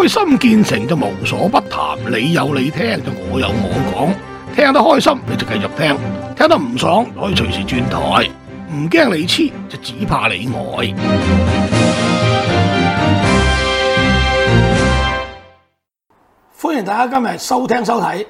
開心見成就無所不談，你有你聽，我有我講，聽得開心你就繼續聽，聽得唔爽可以隨時轉台，唔驚你黐，就只怕你呆。歡迎大家今日收聽收睇《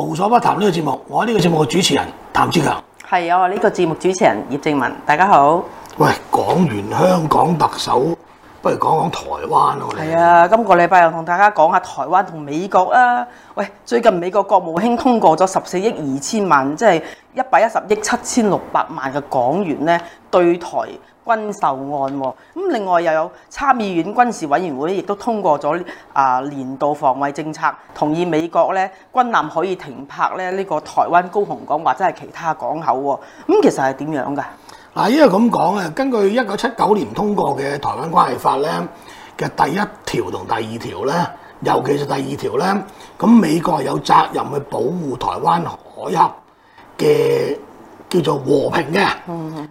無所不談》呢個節目，我係呢個節目嘅主持人譚志強，係啊，呢個節目主持人葉正文，大家好。喂，講完香港特首。不如講講台灣咯，啊。係啊，今個禮拜又同大家講下台灣同美國啊。喂，最近美國國務卿通過咗十四億二千萬，即係一百一十億七千六百萬嘅港元咧，對台軍售案喎。咁另外又有參議院軍事委員會亦都通過咗啊年度防衞政策，同意美國咧軍艦可以停泊咧呢個台灣高雄港或者係其他港口喎。咁、嗯、其實係點樣㗎？嗱，因為咁講咧，根據一九七九年通過嘅《台灣關係法》咧嘅第一條同第二條咧，尤其是第二條咧，咁美國有責任去保護台灣海峽嘅叫做和平嘅。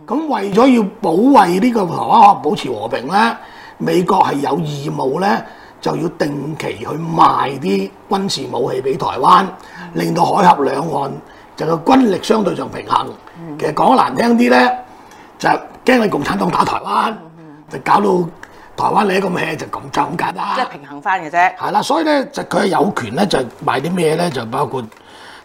咁為咗要保衞呢個台灣海峽保持和平咧，美國係有義務咧就要定期去賣啲軍事武器俾台灣，令到海峽兩岸就個軍力相對上平衡。其實講得難聽啲咧。就驚你共產黨打台灣，嗯嗯、就搞到台灣你一個咩就咁就咁簡單，即係平衡翻嘅啫。係啦，所以咧就佢有權咧就賣啲咩咧就包括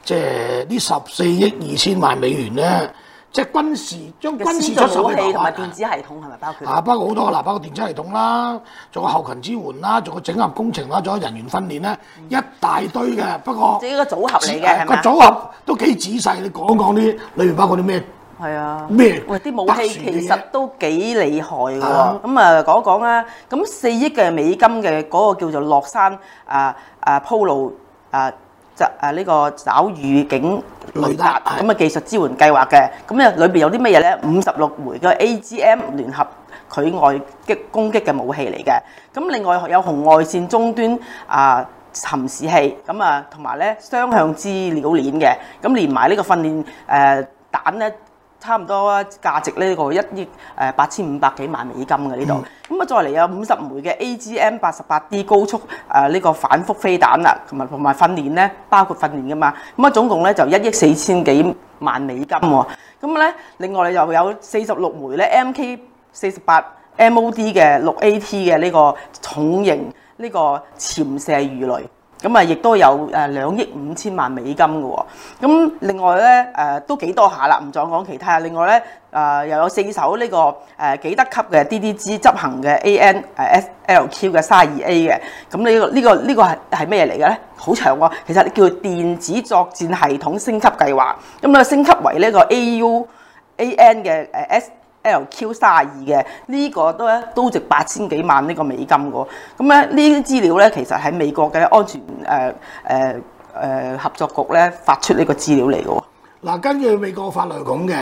即係呢十四億二千萬美元咧，即係、嗯、軍事、嗯、將軍事出武器同埋電子系統係咪包括？啊，包括好多嗱，包括電子系統啦，做個後勤支援啦，做個整合工程啦，做個人員訓練啦，嗯、一大堆嘅。不過自己個組合嚟嘅係嘛？個組合都幾仔細，你講講啲裡面包括啲咩？係啊！喂，啲武器其實都幾厲害㗎喎！咁啊，講一講啊，咁四億嘅美金嘅嗰個叫做洛山啊啊鋪路啊集啊呢個找預警雷達咁嘅技術支援計劃嘅，咁咧裏邊有啲咩嘢咧？五十六枚嘅 AGM 聯合距外擊攻擊嘅武器嚟嘅，咁另外有紅外線終端啊尋視器，咁啊同埋咧雙向資料鏈嘅，咁連埋呢個訓練誒彈咧。差唔多價值呢個一億誒八千五百幾萬美金嘅呢度咁啊，再嚟有五十枚嘅 AGM 八十八 D 高速啊呢個反覆飛彈啦，同埋同埋訓練咧，包括訓練噶嘛咁啊，總共咧就一億四千幾萬美金喎。咁咧另外你又有四十六枚咧 MK 四十八 MOD 嘅六 AT 嘅呢個重型呢個潛射魚雷。咁啊，亦都有誒兩億五千萬美金嘅喎。咁另外咧，誒都幾多下啦，唔再講其他。另外咧，誒又有四艘呢個誒紀德級嘅 DDG 執行嘅 AN 誒 SLQ 嘅卅二 A 嘅。咁呢個呢個呢個係係咩嘢嚟嘅咧？好長喎。其實叫電子作戰系統升級計劃。咁咧升級為呢個 AUAN 嘅誒 S。由 Q32 嘅呢個都都值八千幾萬呢個美金喎，咁咧呢啲資料咧其實喺美國嘅安全誒誒誒合作局咧發出呢個資料嚟嘅喎。嗱，根據美國法律係咁嘅，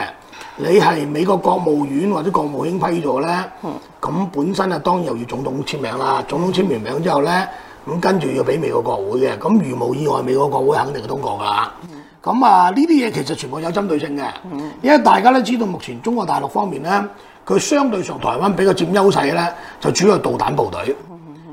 你係美國國務院或者國務卿批咗咧，咁、嗯、本身啊當然又要總統簽名啦，總統簽完名之後咧，咁跟住要俾美國國會嘅，咁如無意外美國國會肯定係通過噶啦。嗯咁啊，呢啲嘢其實全部有針對性嘅，因為大家都知道目前中國大陸方面咧，佢相對上台灣比較佔優勢咧，就主要導彈部隊。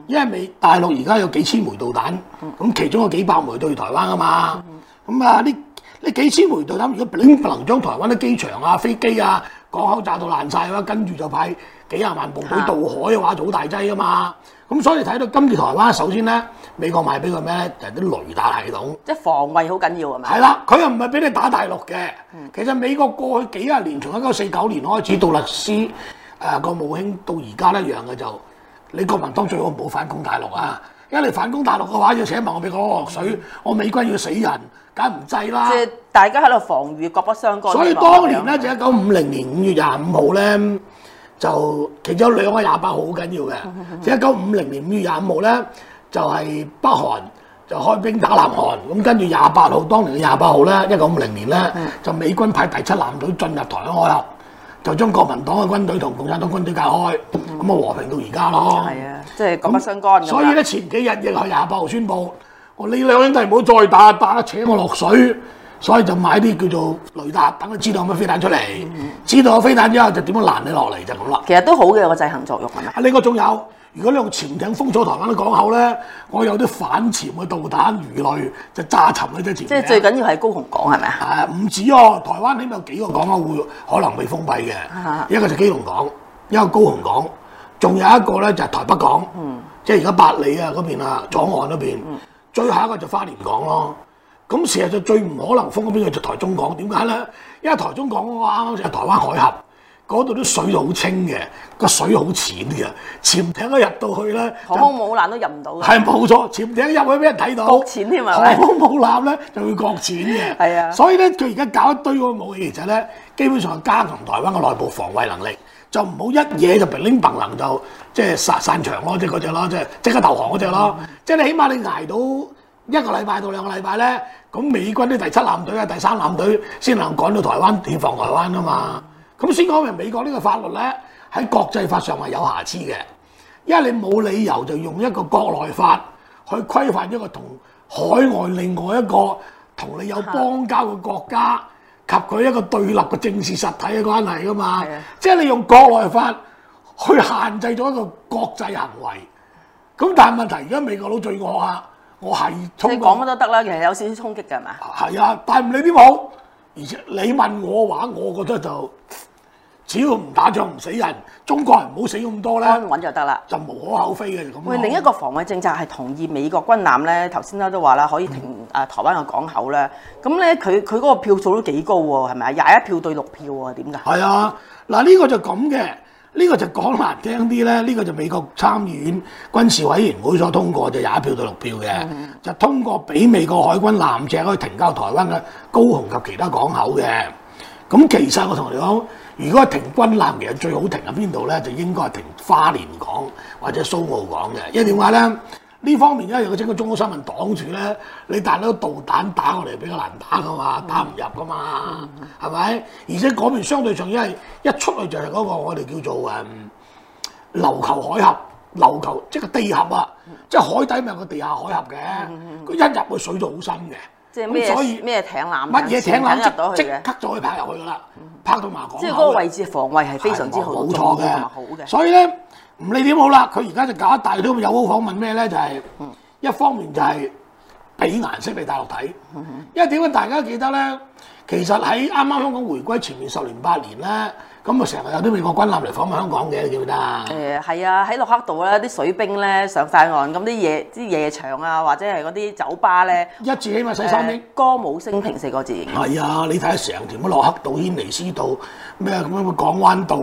因為美大陸而家有幾千枚導彈，咁其中有幾百枚對台灣啊嘛。咁啊，呢呢幾千枚導彈，如果並不能將台灣啲機場啊、飛機啊、港口炸到爛晒嘅話，跟住就派幾廿萬部隊渡海嘅話，就好大劑啊嘛。咁、嗯、所以睇到今次台灣首先咧，美國賣俾佢咩咧？就係、是、啲雷達系統，即係防衞好緊要係嘛？係啦，佢又唔係俾你打大陸嘅。 其實美國過去幾十年，從一九四九年開始，杜勒斯誒個國務卿到而家、呃、一樣嘅就，你國民黨最好唔好反攻大陸啊！一嚟反攻大陸嘅話，要請埋我美國落水，嗯、我美軍要死人，梗唔制啦。即係大家喺度防禦，各不相干。所以當年咧，就一九五零年五月廿五號咧，就其中有兩個廿八號好緊要嘅，一九五零年五月廿五號咧，就係、是就是、北韓就開兵打南韓，咁跟住廿八號，當年嘅廿八號咧，一九五零年咧，是的 就美軍派第七艦隊進入台灣海峽，就將國民黨嘅軍隊同共產黨軍隊隔開，咁啊的和平到而家咯。係啊，即係各不相干。所以咧，前幾日亦去廿八號宣布，我你兩兄弟唔好再打打，扯我落水。所以就買啲叫做雷達，等佢知道有乜飛彈出嚟，嗯、知道有飛彈之後就點樣攔你落嚟就咁啦。其實都好嘅有個制衡作用，係嘛。啊，呢個仲有，如果你用潛艇封鎖台灣嘅港口咧，我有啲反潛嘅導彈魚雷就炸沉你隻潛艇。即係最緊要係高雄港係咪啊？啊，唔止哦，台灣起碼有幾個港口會可能會被封閉嘅。啊、一個就基隆港，一個高雄港，仲有一個咧就台北港。嗯。即係而家八里啊嗰邊啊，左岸嗰邊。嗯、最後一個就花蓮港咯。咁事實就最唔可能封嗰邊嘅就台中港，點解咧？因為台中港嘅話啱啱就台灣海峽嗰度啲水好清嘅，個水好淺嘅，潛艇一入到去咧，航空母艦都入唔到嘅。係冇錯，潛艇入去俾人睇到，擱淺添啊！航空母艦咧就要擱淺嘅，係啊。所以咧，佢而家搞一堆嗰個武器，其實咧基本上係加強台灣嘅內部防衞能力，就唔好一嘢就俾拎棒能就即係殺散場咯，即係嗰隻咯，即係即刻投降嗰隻咯，即係你起碼你捱到。一個禮拜到兩個禮拜呢，咁美國啲第七艦隊啊、第三艦隊先能趕到台灣，協防台灣啊嘛。咁先講明美國呢個法律呢，喺國際法上係有瑕疵嘅，因為你冇理由就用一個國內法去規範一個同海外另外一個同你有邦交嘅國家的及佢一個對立嘅政治實體嘅關係噶嘛。的即係你用國內法去限制咗一個國際行為，咁但係問題而家美國佬最惡啊！我係衝你講乜都得啦，其實有少少衝擊嘅嘛。係啊，但係唔理邊鋪，而且你問我嘅話，我覺得就只要唔打仗唔死人，中國人唔好死咁多咧，穩就得啦，就無可厚非嘅咁。喂，會另一個防衛政策係同意美國軍艦咧，頭先啦都話啦，可以停啊台灣嘅港口咧，咁咧佢佢嗰個票數都幾高喎，係咪啊？廿一票對六票喎，點㗎？係啊，嗱呢個就咁嘅。呢個就講難聽啲咧，呢、這個就美國參議院軍事委員會所通過就廿一票到六票嘅，的就通過俾美國海軍艦隻可以停靠台灣嘅高雄及其他港口嘅。咁、嗯、其實我同你講，如果停軍艦其實最好停喺邊度咧，就應該係停花蓮港或者蘇澳港嘅，因為點話咧？呢方面因為有個整個中國新聞擋住咧，你彈嗰個導彈打過嚟比較難打噶嘛，打唔入噶嘛，係咪？而且嗰邊相對上，因為一出去就係嗰個我哋叫做誒琉球海峽、琉球即係地峽啊，即係海底咪有個地下海峽嘅，佢一入去水就好深嘅，咁所以咩艇艦乜嘢艇即刻就可以拍入去噶啦，拍到馬港，即係嗰個位置防衞係非常之好，冇錯嘅，所以咧。唔理點好啦，佢而家就搞一大堆有好訪問咩咧？就係、是、一方面就係俾顏色俾大陸睇，因為點啊？大家都記得咧，其實喺啱啱香港回歸前面十年八年咧，咁啊成日有啲美國軍艦嚟訪問香港嘅，記唔記得？誒係、嗯、啊，喺洛克道咧，啲水兵咧上曬岸，咁啲夜啲夜場啊，或者係嗰啲酒吧咧、嗯，一字起碼洗三天、呃，歌舞升平四個字。係啊，你睇成條乜洛克道、軒尼詩道、咩咁樣港灣道。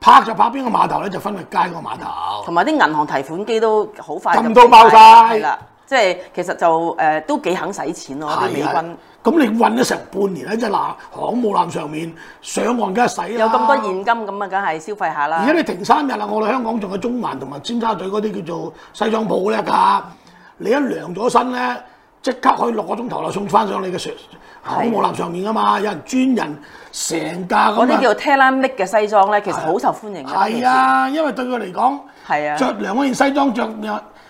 拍就拍邊個碼頭咧，就分去街嗰個碼頭。同埋啲銀行提款機都好快，咁都爆曬啦！即係其實就誒、呃、都幾肯使錢咯，啲美軍。咁、嗯嗯、你運咗成半年咧，即係嗱，航母艦上面上岸梗係使啦。有咁多現金咁啊，梗係消費下啦。而家你停三日啊，我哋香港仲有中環同埋尖沙咀嗰啲叫做西裝鋪咧㗎。你一量咗身咧～即刻可以六個鐘頭就送翻上你嘅雪好嶽巖上面啊嘛！有人專人成架嗰啲叫做 tailor-made 嘅西裝咧，其實好受歡迎嘅。係啊，因為對佢嚟講，係啊，著兩件西裝着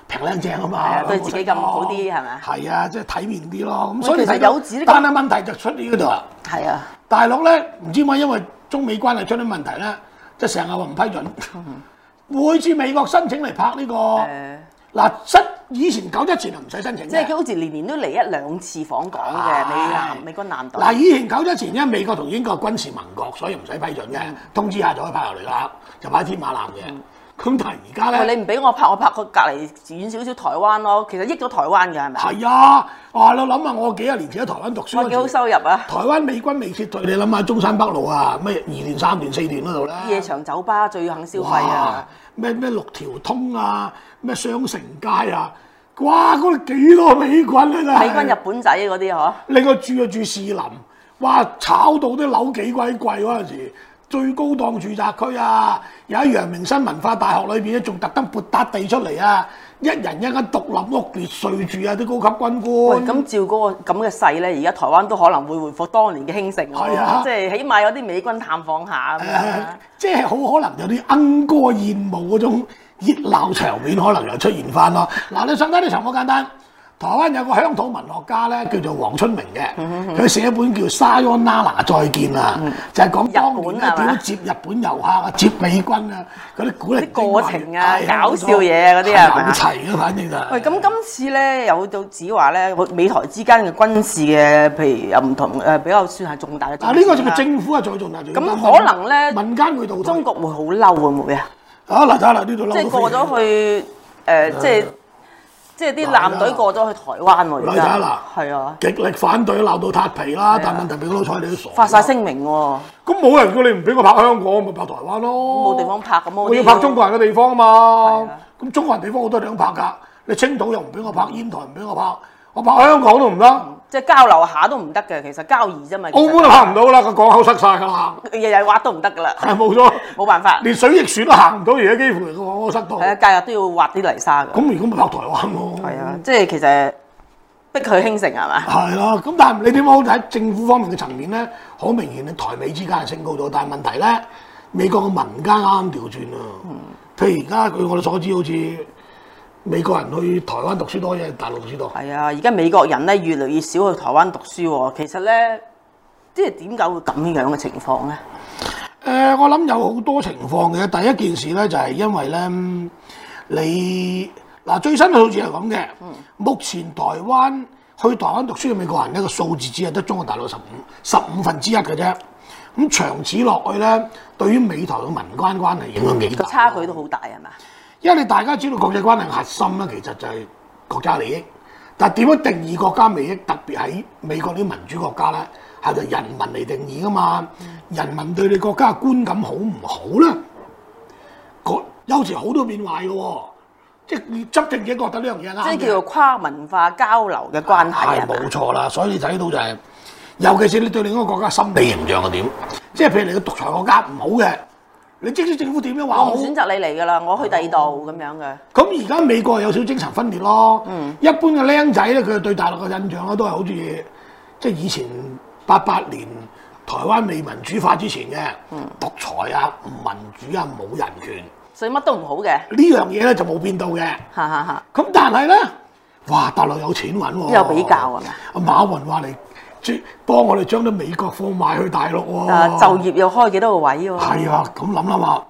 平靚正啊嘛。係對自己咁好啲係咪啊？係啊，即係體面啲咯。咁所以其實有資單一問題就出呢嗰度啊。係啊。大陸咧唔知點解，因為中美關係出啲問題咧，即係成日話唔批准，每次美國申請嚟拍呢個。嗱，申以前九七前就唔使申請，即係佢好似年年都嚟一兩次訪港嘅，美軍南美國南島。嗱，以前九七前咧，因為，美國同英國軍事盟國，所以唔使批准嘅，通知下就可以派落嚟啦，就派添馬艦嘅。咁但係而家咧，你唔俾我拍我拍個隔離遠少少台灣咯，其實益咗台灣嘅係咪？係啊，哇、啊！你諗下我幾廿年前喺台灣讀書，我幾好收入啊！台灣美軍未撤退，你諗下中山北路啊，咩二段、三段、四段嗰度咧？夜場酒吧最肯消費啊！咩咩六條通啊，咩雙城街啊，哇！嗰度幾多美軍啊！美軍日本仔嗰啲呵？你個住就住士林，哇！炒到啲樓幾鬼貴嗰陣時。最高檔住宅區啊，有喺陽明山文化大學裏邊咧，仲特登撥笪地出嚟啊！一人一間獨立屋別墅住啊，啲高級軍官。喂，咁照嗰個咁嘅勢咧，而家台灣都可能會回復當年嘅興盛咯。係啊，啊，即係起碼有啲美軍探訪下咁樣，啊啊、即係好可能有啲鶯歌燕舞嗰種熱鬧場面，可能又出現翻咯。嗱，你想睇啲場好簡單。台灣有個鄉土文學家咧，叫做黃春明嘅，佢寫一本叫《莎喲娜啦再見》啊，就係講當年咧點接日本遊客啊，接美軍啊，嗰啲鼓勵過程啊，搞笑嘢啊嗰啲啊，好齊咯，反正啊，喂咁今次咧又到指話咧美台之間嘅軍事嘅譬如又唔同誒，比較算係重大嘅。啊，呢個係咪政府係最重大？咁可能咧，民間會到中國會好嬲會唔會啊？啊，嗱，嗱，呢度即係過咗去誒，即係。即係啲艦隊過咗去台灣嚟㗎，係是啊！極力反對鬧到撻皮啦，是啊、但問題俾老蔡你都傻，發晒聲明喎。咁冇人叫你唔俾我拍香港，咪拍台灣咯。冇地方拍咁我，我要拍中國人嘅地方嘛是啊嘛。咁中國人地方我都想拍㗎。你青島又唔俾我拍，煙台唔俾我拍，我拍香港都唔得。即係交流下都唔得嘅，其實交易啫嘛。就是、澳門都行唔到啦，個港口塞晒㗎啦。日日挖都唔得噶啦。係冇咗，冇辦法。連水翼船都行唔到嘢，幾乎個港口塞到。係啊，隔日都要挖啲泥沙。咁如果咪落台灣喎？係啊，即係其實逼佢興盛係嘛？係啦，咁但係你點講？喺政府方面嘅層面咧，好明顯你台美之間係升高咗。但係問題咧，美國嘅民間啱啱調轉啊。譬如而家據我哋所知好似。美國人去台灣讀書多啫，大陸讀書多。係啊，而家美國人咧，越嚟越少去台灣讀書喎。其實咧，即係點解會咁樣嘅情況咧？誒、呃，我諗有好多情況嘅。第一件事咧，就係因為咧，你嗱，最新嘅數字係咁嘅。嗯、目前台灣，去台灣讀書嘅美國人呢個數字，只係得中國大陸十五十五分之一嘅啫。咁、嗯、長此落去咧，對於美台嘅民間關係影響幾大？個、嗯嗯、差距都好大係嘛？因為，你大家知道國際關係核心咧，其實就係國家利益。但點樣定義國家利益？特別喺美國啲民主國家咧，係就是人民嚟定義噶嘛。人民對你國家嘅觀感好唔好咧？有時好多變壞嘅，即係執政者覺得呢樣嘢啦。即係叫做跨文化交流嘅關係。係冇錯啦，所以你睇到就係、是，尤其是你對另一個國家心理形象係點？即係譬如你個獨裁國家唔好嘅。你即知政府點樣話，我唔選擇你嚟㗎啦，我去第二度咁樣嘅。咁而家美國有少少精神分裂咯。嗯，一般嘅僆仔咧，佢對大陸嘅印象咧都係好似即係以前八八年台灣未民主化之前嘅、嗯、獨裁啊、唔民主啊、冇人權，所以乜都唔好嘅。樣 呢樣嘢咧就冇變到嘅。哈哈哈。咁但係咧，哇大陸有錢揾喎，有比較係、啊、阿馬雲話你。幫我哋將啲美國貨賣去大陸喎、啊。啊，就業又開幾多個位喎？係啊，咁諗諗啊，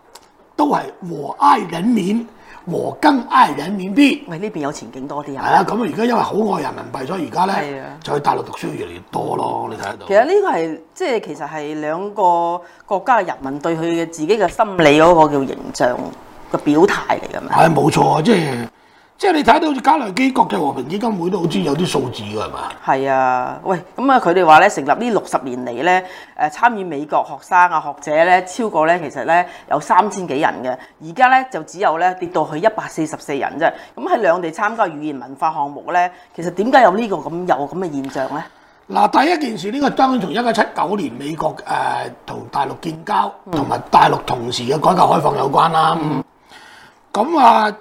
都係和 I 人面，和更 I 人面啲。喂，呢邊有前景多啲啊？係啊，咁而家因為好愛人民幣，所以而家咧就去大陸讀書越嚟越多咯。你睇得到其？其實呢個係即係其實係兩個國家人民對佢嘅自己嘅心理嗰個叫形象嘅表態嚟㗎嘛。係啊、哎，冇錯即係。即係你睇到好似卡內基國際和平基金會都好似有啲數字㗎嘛？係啊，喂，咁啊佢哋話咧成立呢六十年嚟咧，誒參與美國學生啊學者咧超過咧其實咧有三千幾人嘅，而家咧就只有咧跌到去一百四十四人啫。咁喺兩地參加語言文化項目咧，其實點解有呢個咁有咁嘅現象咧？嗱，第一件事呢、呢個當然同一九七九年美國誒同、呃、大陸建交，同埋、嗯、大陸同時嘅改革開放有關啦。咁、嗯嗯、啊～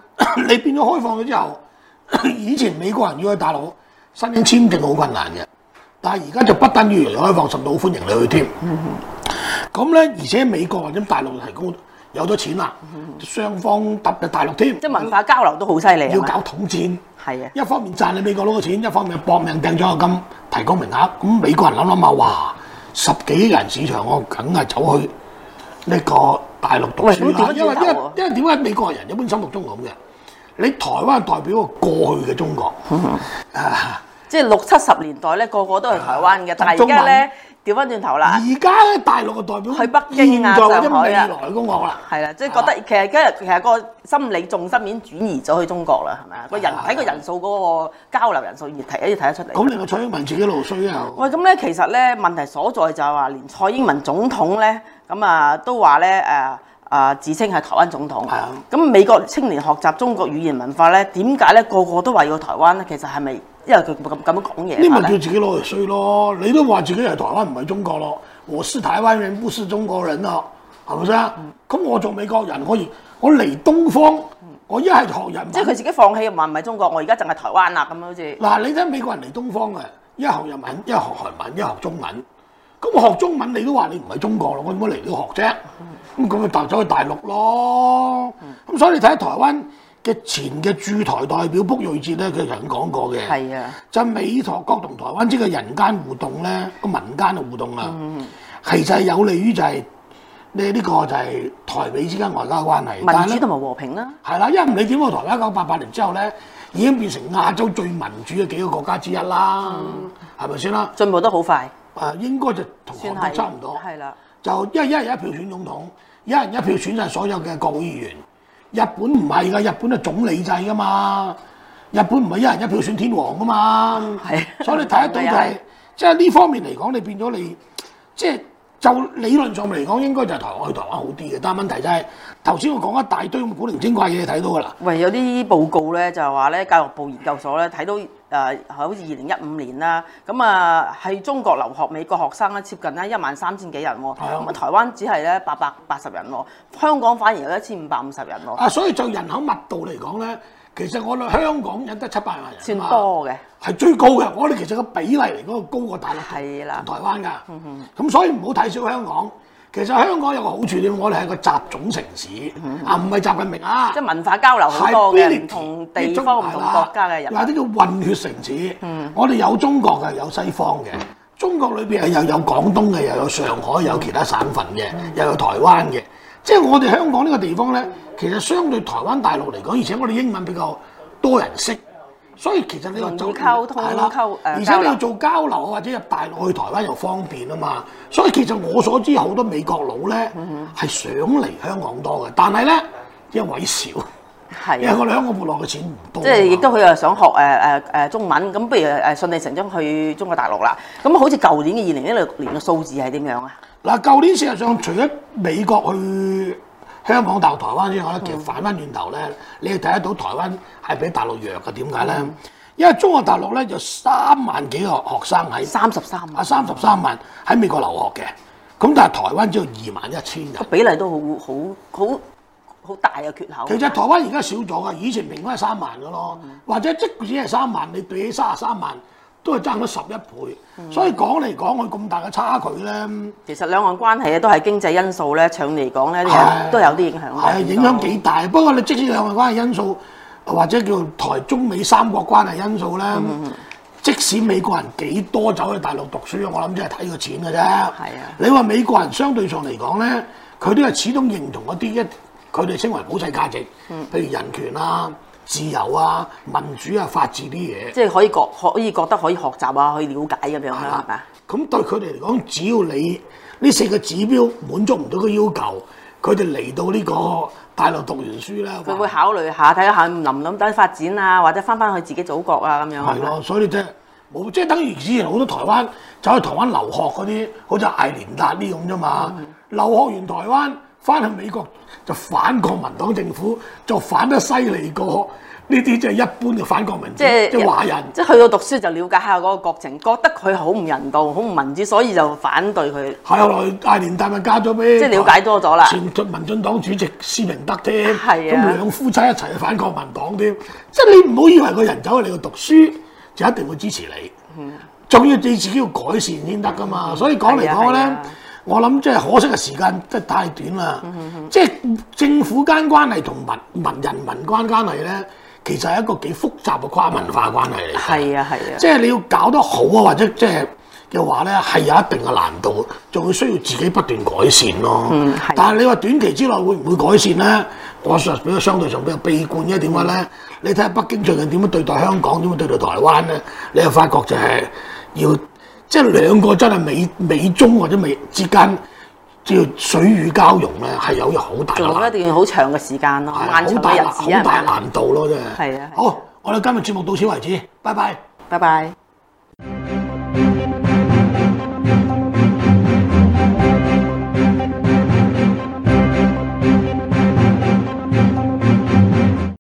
你變咗開放咗之後，以前美國人要去大陸申請簽證好困難嘅，但係而家就不等於開放，甚至好歡迎你去添。咁咧、嗯，而且美國喺咁大陸提供有咗錢啦，雙方特別大陸添。即係文化交流都好犀利，要搞統戰。係、嗯、啊一，一方面賺你美國佬嘅錢，一方面搏命掟咗個金，提高名額。咁美國人諗諗啊，哇，十幾億人市場，我梗係走去呢個大陸讀書讀、啊、因為因為因點解美國人一般心目中咁嘅？你台灣代表個過去嘅中國， 即係六七十年代咧，個個都係台灣嘅， 但係而家咧，調翻轉頭啦。而家大陸嘅代表去北京啊、上海啊。係啦，即係覺得其實今日其實個心理重心已經轉移咗去中國啦，係咪啊，是啊？個人喺個人數嗰個交流人數而睇，而睇得出嚟。咁你蔡英文自己路衰啊？喂、嗯，咁咧其實咧問題所在就係話，連蔡英文總統咧咁啊都話咧誒。呃啊！自稱係台灣總統，咁美國青年學習中國語言文化咧，點解咧個個都話要台灣咧？其實係咪因為佢咁咁樣講嘢？你咪叫自己攞嚟衰咯，你都話自己係台灣唔係中國咯？我是台灣人，不是中國人咯，係咪先？咁、嗯、我做美國人，可以。我嚟東方，我一係學人。嗯、即係佢自己放棄又話唔係中國，我而家就係台灣啦，咁好似嗱，你睇美國人嚟東方啊，一學日文，一學韓文，一學韓文，一學中文，咁我學中文，你都話你唔係中國咯？我點解嚟呢度學啫？嗯咁咁咪帶咗去大陸咯，咁、嗯、所以你睇下台灣嘅前嘅駐台代表卜瑞哲咧，佢曾經講過嘅。係啊，就美國國同台灣即係人間互動咧，個民間嘅互動啊，嗯、其實係有利於就係咧呢個就係台美之間外交關係，民主同埋和平啦。係啦、啊，因為唔理點，我台灣一九八八年之後咧，已經變成亞洲最民主嘅幾個國家之一啦，係咪先啦？吧進步得好快。啊，應該就同香港差唔多。係啦。就因為一人一票選總統，一人一票選晒所有嘅國會議員。日本唔係噶，日本係總理制噶嘛。日本唔係一人一票選天皇噶嘛。係的。所以你睇得到就係、是，即係呢方面嚟講，你變咗你，即、就、係、是、就理論上嚟講，應該就係台灣去台灣好啲嘅。但係問題就係頭先我講一大堆古靈精怪嘢睇到噶啦。喂，有啲報告咧就係話咧，教育部研究所咧睇到。誒，好似二零一五年啦，咁啊，喺中國留學美國學生咧，接近咧一萬三千幾人喎，咁啊、嗯，台灣只係咧八百八十人喎，香港反而有一千五百五十人喎。啊，所以就人口密度嚟講咧，其實我哋香港人得七百萬人，算多嘅，係最高嘅。我哋其實個比例嚟講，高過大陸、係啦台灣㗎。咁、嗯嗯、所以唔好睇小香港。其實香港有個好處，我哋係個雜種城市啊，唔係習近平、嗯、啊，即係文化交流好多嘅，唔唔同地方、文唔唔同國家嘅人，嗱、嗯，呢種混血城市，嗯、我哋有中國嘅，有西方嘅，中國裏邊又有廣東嘅，又有上海，有其他省份嘅，嗯、又有台灣嘅，即係我哋香港呢個地方咧，其實相對台灣大陸嚟講，而且我哋英文比較多人識。所以其實你又做，係啦，而且你通要做交流或者入大陸去台灣又方便啊嘛。所以其實我所知好多美國佬咧，係、嗯、哼想嚟香港多嘅，但係咧一位少，的因為我哋香港撥落嘅錢唔多。即係亦都佢又想學誒誒誒中文，咁不如誒順理成章去中國大陸啦。咁好似舊年嘅二零一六年嘅數字係點樣啊？嗱，舊年事實上除咗美國去。香港大鬥台灣先，我覺、嗯、其實反翻轉頭咧，你睇得到台灣係比大陸弱嘅，點解咧？嗯、因為中國大陸咧就三萬幾個學生喺，三十三、啊、萬，三十三萬喺美國留學嘅。咁但係台灣只有二萬一千人，個比例都好好好好大嘅缺口。其實台灣而家少咗啊，以前平均係三萬嘅咯，嗯、或者即使係三萬，你對起三十三萬。都係爭咗十一倍，嗯、所以講嚟講去咁大嘅差距咧。其實兩岸關係咧都係經濟因素咧，長嚟講咧都有啲影響。係啊是，影響幾大。不過你即使兩岸關係因素，或者叫台中美三角關係因素咧，嗯嗯嗯、即使美國人幾多走去大陸讀書，我諗真係睇個錢㗎啫。係啊，你話美國人相對上嚟講咧，佢都係始終認同嗰啲一，佢哋稱為普世價值，譬如人權啦、啊。自由啊、民主啊、法治啲嘢，即係可以覺可以覺得可以學習啊、可以了解咁樣啦，係咪啊？咁的對佢哋嚟講，只要你呢四個指標滿足唔到個要求，佢哋嚟到呢個大陸讀完書啦，佢會考慮下睇下諗唔諗得發展啊，或者翻返去自己祖國啊咁樣。係咯，所以即係冇即係等於以前好多台灣走去台灣留學嗰啲，好似艾連達呢咁啫嘛，嗯、留學完台灣。翻去美國就反國民黨政府，就反得犀利過呢啲即係一般嘅反國民黨，即係是華人。即係去到讀書就了解下嗰個國情，覺得佢好唔人道，好唔民主，所以就反對佢。後、啊、來大連大咪加咗咩？即係瞭解多咗啦。前民進黨主席施明德添，咁、啊、兩夫妻一齊去反國民黨添。即係你唔好以為個人走去你度讀書就一定會支持你。仲要對自己要改善先得噶嘛。所以講嚟講咧。我諗即係可惜嘅時間真係太短啦、嗯。嗯嗯、即係政府間關係同民民人民間關係咧，其實係一個幾複雜嘅跨文化關係嚟。係啊係啊。嗯、即係你要搞得好啊，或者即係嘅話咧，係有一定嘅難度，仲要需要自己不斷改善咯。嗯，但係你話短期之內會唔會改善咧？我實比較相對上比較悲觀。因為點解咧？為為呢嗯、你睇下北京最近點樣對待香港，點樣對待台灣咧，你又發覺就係要。即係兩個真係美美中或者美之間叫水乳交融咧，係有好大嘅，做一定要好長嘅時間咯，好大，大難度咯，的真係的。係啊！好，我哋今日節目到此為止，拜拜，拜拜。